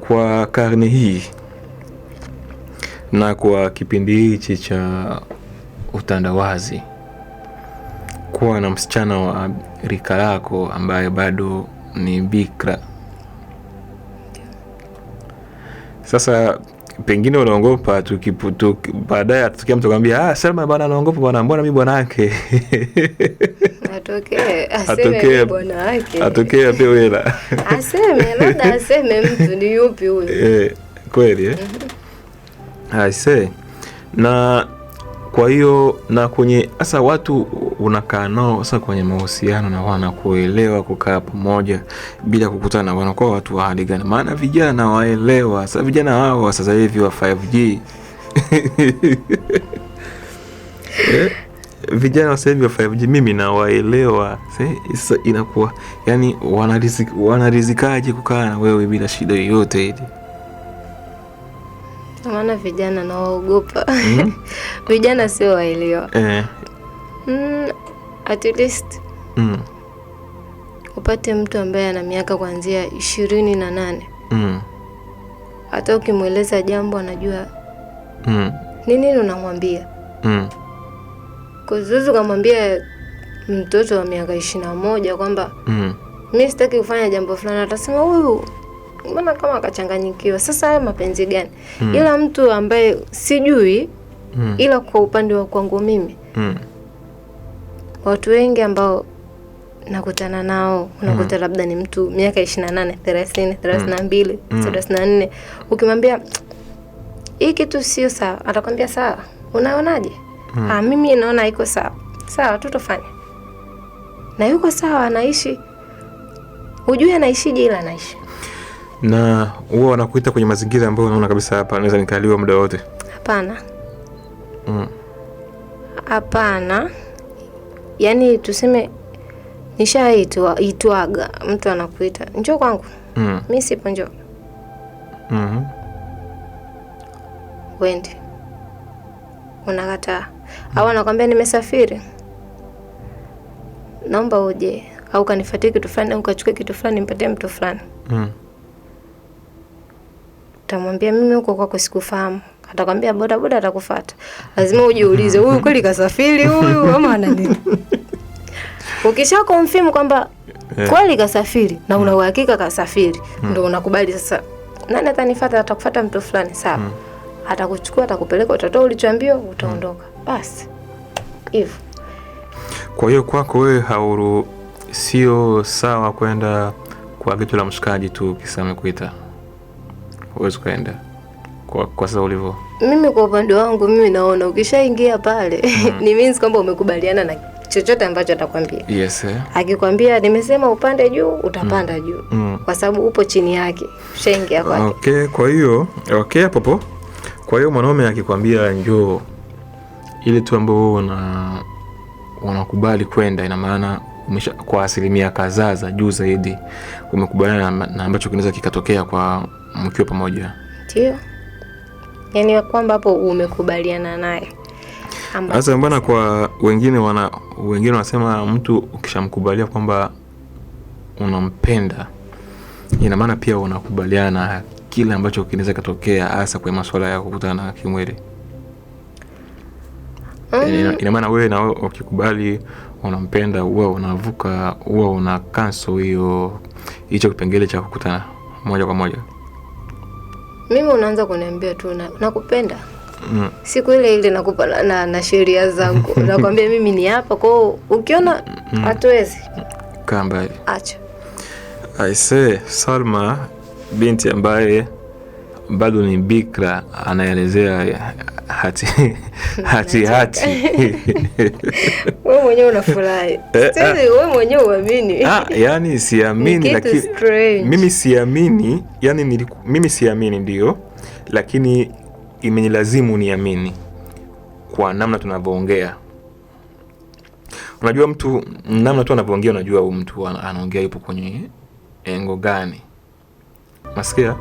Kwa karne hii na kwa kipindi hichi cha utandawazi kuwa na msichana wa rika lako ambaye bado ni bikra. Sasa pengine unaongopa, baadaye atokea mtu akwambia, ah, Salma bwana anaongopa bwana, mbona mi bwana yake atokee apewe hela aseme, labda aseme mtu ni yupi huyo eh, kweli eh? Mhm. I say na kwa hiyo na kwenye hasa watu unakaa nao sasa kwenye mahusiano na wanakuelewa, kukaa pamoja bila kukutana, wanakuwa watu wa hali gani? Maana vijana waelewa sasa, vijana wao sasa hivi wa 5G eh? vijana wa sasa hivi wa 5G mimi nawaelewa. Sasa inakuwa yani, wanarizikaje kukaa na wewe bila shida yoyote ile? Maana vijana nawaogopa mm. Vijana sio waelewa eh. Mm, at least mm. Upate mtu ambaye ana miaka kuanzia ishirini na nane mm. Hata ukimweleza jambo anajua mm. ni nini unamwambia mm. ukamwambia mtoto wa miaka ishirini na moja kwamba mm. mi sitaki kufanya jambo fulani, atasema huyu mbona kama akachanganyikiwa, sasa haya mapenzi gani? mm. ila mtu ambaye sijui mm. ila kwa upande wa kwangu mimi mm. watu wengi ambao nakutana nao unakuta mm. labda ni mtu miaka ishirini na nane thelathini thelathini na mbili hmm. Hmm. thelathini na nne ukimwambia hii kitu sio sawa, atakwambia sawa, unaonaje? mm. Ah, mimi naona iko sawa sawa, tutofanya na yuko sawa, anaishi hujui anaishije, ila anaishi na huwa wanakuita kwenye mazingira ambayo unaona kabisa hapa naweza nikaliwa muda wote? Hapana, mm. hapana. Mm. Yaani tuseme nishaitwaga mtu anakuita njoo kwangu. Mm. Mi sipo, njoo. Mm -hmm. Wende unakataa au anakwambia nimesafiri, naomba uje, au kanifuatie kitu fulani, au kachukue kitu fulani, mpatie mtu fulani. Mm atamwambia mimi huko kwako sikufahamu, atakwambia boda boda atakufuata. Lazima ujiulize, huyu kweli kasafiri huyu ama ana nini? Ukisha confirm kwamba eh. kweli kasafiri na una mm. uhakika kasafiri, mm. ndio unakubali sasa, nani atanifuata? Atakufuata mtu fulani, sawa, mm. atakuchukua, atakupeleka, utatoa ulichoambiwa, utaondoka, basi hivyo. Kwa hiyo kwako wewe hauru, sio sawa kwenda kwa, kwa, la mshikaji tu kwa, kwa, huwezi ukaenda kwa, kwa sasa ulivyo. Mimi kwa upande wangu mimi naona ukishaingia pale mm. ni means kwamba umekubaliana na chochote ambacho atakwambia. Yes, eh. Akikwambia nimesema upande juu utapanda mm. juu mm. kwa sababu upo chini yake ushaingia kwake. Okay, kwa hiyo okay, popo. Kwa hiyo mwanaume akikwambia njoo ile tu ambayo una unakubali kwenda, ina maana umesha kwa asilimia kadhaa za juu zaidi umekubaliana na, na ambacho kinaweza kikatokea kwa mkiwa pamoja, ndio yani kwamba hapo umekubaliana naye. Sasa mbona kwa wengine wana wengine wanasema mtu ukishamkubalia kwamba unampenda ina maana pia unakubaliana na kile ambacho kinaweza kutokea hasa kwenye masuala ya kukutana na kimwili. Ah. Ina, maana wewe na ukikubali unampenda huwa unavuka huwa una kanso hiyo hicho kipengele cha kukutana moja kwa moja. Mimi unaanza kuniambia tu nakupenda na mm. siku ile ile nakupa na, na, na sheria zangu nakwambia mimi ni hapa kwao, ukiona mm. hatuwezi mm. kaa mbali, acha aise. Salma binti ambaye bado ni bikra anaelezea hati hati hati wewe mwenyewe unafurahi sasa, eh, eh. wewe mwenyewe uamini. Ah, yani siamini, lakini mimi siamini, yani niliku, mimi siamini ndio, lakini imenilazimu niamini kwa namna tunavyoongea. Unajua mtu namna tu anavyoongea, unajua huyu mtu anaongea yupo kwenye engo gani, nasikia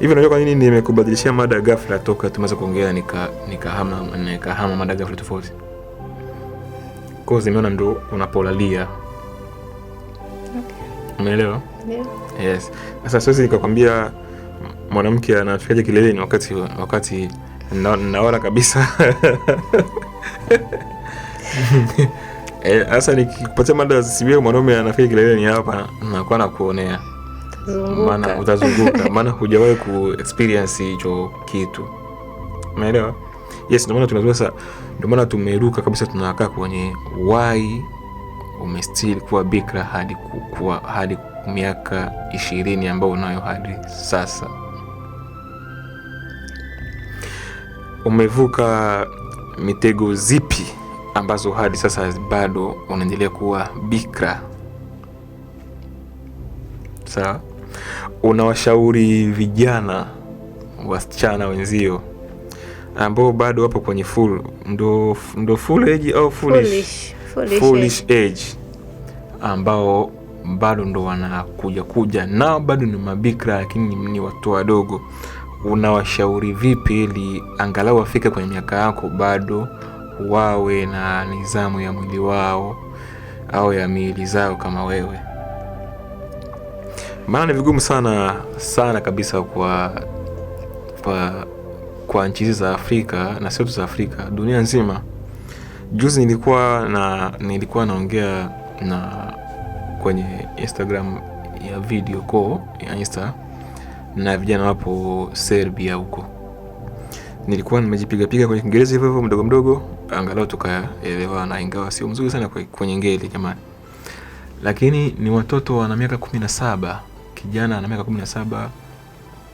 Hivi unajua kwa nini nimekubadilishia mada ghafla toka tumeanza kuongea nikahama nikahama nika mada ghafla tofauti? Cause nimeona ndo unapolalia. Okay. Umeelewa? Yeah. Yes. Sasa siwezi nikakwambia mwanamke anafikaje kileleni wakati wakati naona kabisa eh, sasa. E, nikikupatia mada za mwanaume anafika kileleni hapa, na nakuonea maana utazunguka maana hujawahi ku experience hicho kitu umeelewa yes ndio maana tunazua sasa ndio maana tumeruka kabisa tunakaa kwenye why umestil kuwa bikra hadi kuwa hadi miaka ishirini ambayo unayo hadi sasa umevuka mitego zipi ambazo hadi sasa bado unaendelea kuwa bikra sawa unawashauri vijana wasichana wenzio ambao bado wapo kwenye full ndo, ndo full age au foolish, foolish, foolish age ambao bado ndo wanakuja kuja nao bado ni mabikra lakini ni watu wadogo, unawashauri vipi ili angalau wafike kwenye miaka yako bado wawe na nizamu ya mwili wao au ya miili zao kama wewe? maana ni vigumu sana sana kabisa kwa, kwa, kwa nchi hizi za Afrika na sio tu za Afrika, dunia nzima. Juzi nilikuwa na nilikuwa naongea na kwenye Instagram ya video call ya Insta na vijana wapo Serbia huko, nilikuwa nimejipigapiga kwenye Kiingereza hivyo hivyo mdogo mdogo, angalau tukaelewana, ingawa sio mzuri sana kwenye ngeli jamani, lakini ni watoto wana miaka kumi na saba kijana ana miaka kumi na saba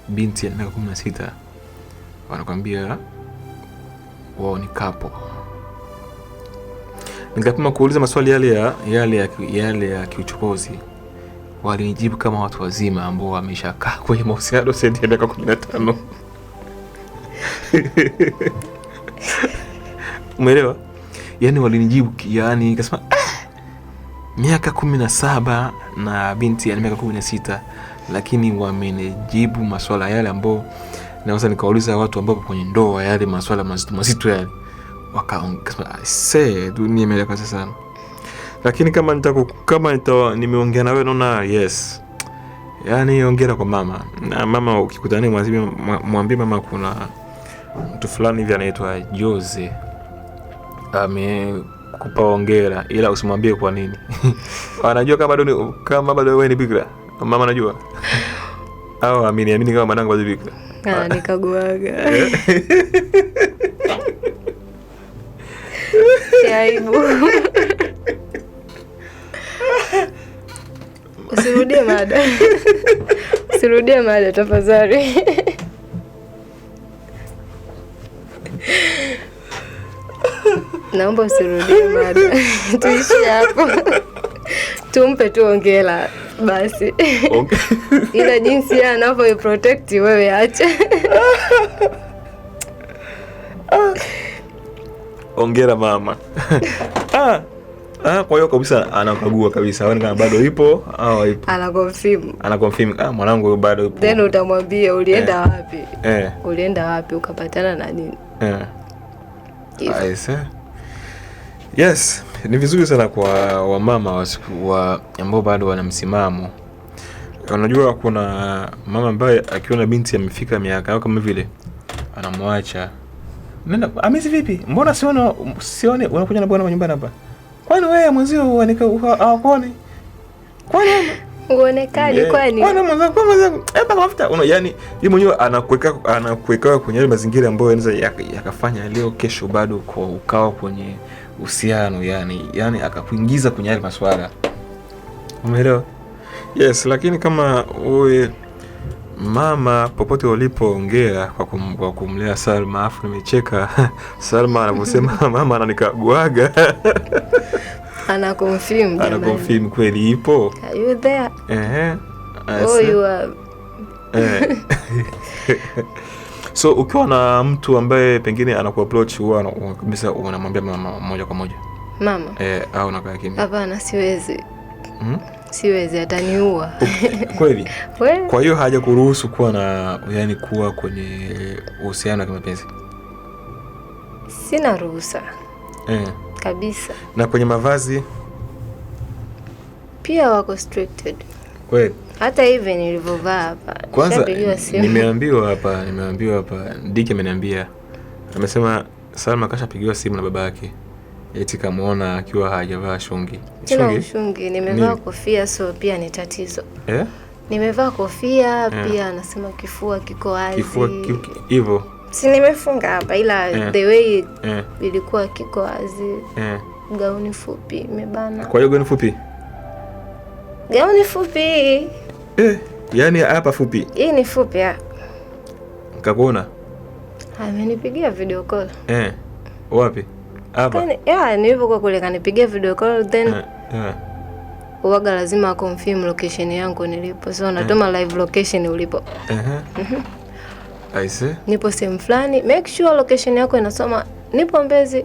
binti ana miaka kumi na sita wanakwambia wao ni kapo. Nikapima kuuliza maswali yale ya yale ya, yale ya kiuchokozi walinijibu kama watu wazima ambao wameshakaa kwenye mahusiano zaidi ya miaka kumi na tano. Umeelewa? Yani walinijibu yani, kasema ah, miaka kumi na saba na binti ana miaka kumi na sita lakini wamenijibu maswala yale ambao naweza nikauliza watu ambao kwenye ndoa yale maswala mazito mazito yale wakaongea dunia lakini kama nitaku, kama nita, nimeongea nawe naona yes yani ongera kwa mama na mama ukikutana mwambie mama kuna mtu fulani hivi anaitwa Jose ame atakupa ongera, ila usimwambie kwa nini. Anajua kama bado kama bado wewe ni bikra. mama anajua au amini amini kama mwanangu bado bikra. Ah, ah, nikaguaga aibu usirudie mada, usirudie mada tafadhali. naomba usirudie mada, tuishi hapo tumpe tu ongela basi okay. ila jinsi yeye anavyo protect wewe acha ah. ongera mama ah. Ah, kwa hiyo kabisa anakagua kabisa aone kama bado ipo au ah, ipo, ana confirm ana confirm, ah, mwanangu bado ipo, then utamwambia ulienda eh, wapi eh, ulienda wapi ukapatana na nini eh. Aise. Yes, ni vizuri sana kwa wamama wa, wa ambao bado wana msimamo. Unajua kuna mama ambaye akiona binti amefika miaka au kama vile anamwacha. Nenda amezi vipi? Mbona siona sione unakuja na bwana nyumbani hapa? Kwani wewe mwenzio uoneka hawakuoni? Kwani uonekani eh, kwani? Kwani mwanzo kwa mwanzo eh, hapa mafuta una yani yeye mwenyewe anakuweka anakuweka kwenye mazingira ambayo yanaweza yakafanya leo kesho bado kwa ukawa kwenye uhusiano yani, yani akakuingiza kwenye yale maswala, umeelewa? Yes, lakini kama wewe mama popote ulipoongea kwa, kum, kwa kumlea Salma, afu nimecheka Salma anavyosema mama ananikaguaga ana confirm ana confirm kweli ipo you there? Eh, oh, you are eh. So ukiwa na mtu ambaye pengine anakuapproach huwa kabisa unamwambia mama moja kwa moja mama eh, au unakaa kimya? Hapana, siwezi Mhm. Siwezi, ataniua kweli. Kwa hiyo haja kuruhusu kuwa na yani, kuwa kwenye uhusiano wa kimapenzi sina ruhusa eh, kabisa. Na kwenye mavazi pia wako restricted kweli. Hata hivi nilivyovaa hapa. Kwanza nimeambiwa hapa, nimeambiwa hapa Diki ameniambia. Amesema Salma kashapigiwa simu na baba yake. Eti kamuona akiwa hajavaa shungi. Sina shungi, nimevaa kofia so pia ni tatizo. Eh? Nimevaa kofia eh. pia anasema kifua kiko wazi. Kifua hivyo. Si nimefunga hapa ila yeah. the way yeah. ilikuwa kiko wazi. Yeah. Gauni fupi imebana. Kwa hiyo gauni fupi? Gauni fupi. Eh, yani hapa fupi. Hii ni fupi ya. Nikakuona. Ah, amenipigia video call. Eh. Wapi? Hapa. Kani, ya, nilipokuwa kule kanipigia video call then. Eh, eh. Uwaga lazima akonfirm location yangu nilipo. So natuma eh, live location ulipo. Eh. Uh I see. Nipo sehemu fulani. Make sure location yako inasoma nipo Mbezi.